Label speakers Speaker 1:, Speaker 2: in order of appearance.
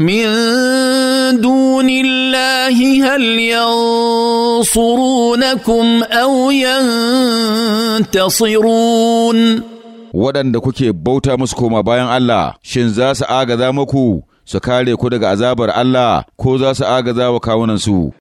Speaker 1: من دون الله هل ينصرونكم
Speaker 2: أو ينتصرون waɗanda kuke bauta musu koma bayan Allah, shin za su agaza muku su kare ku daga azabar Allah ko za su agaza wa kawunansu.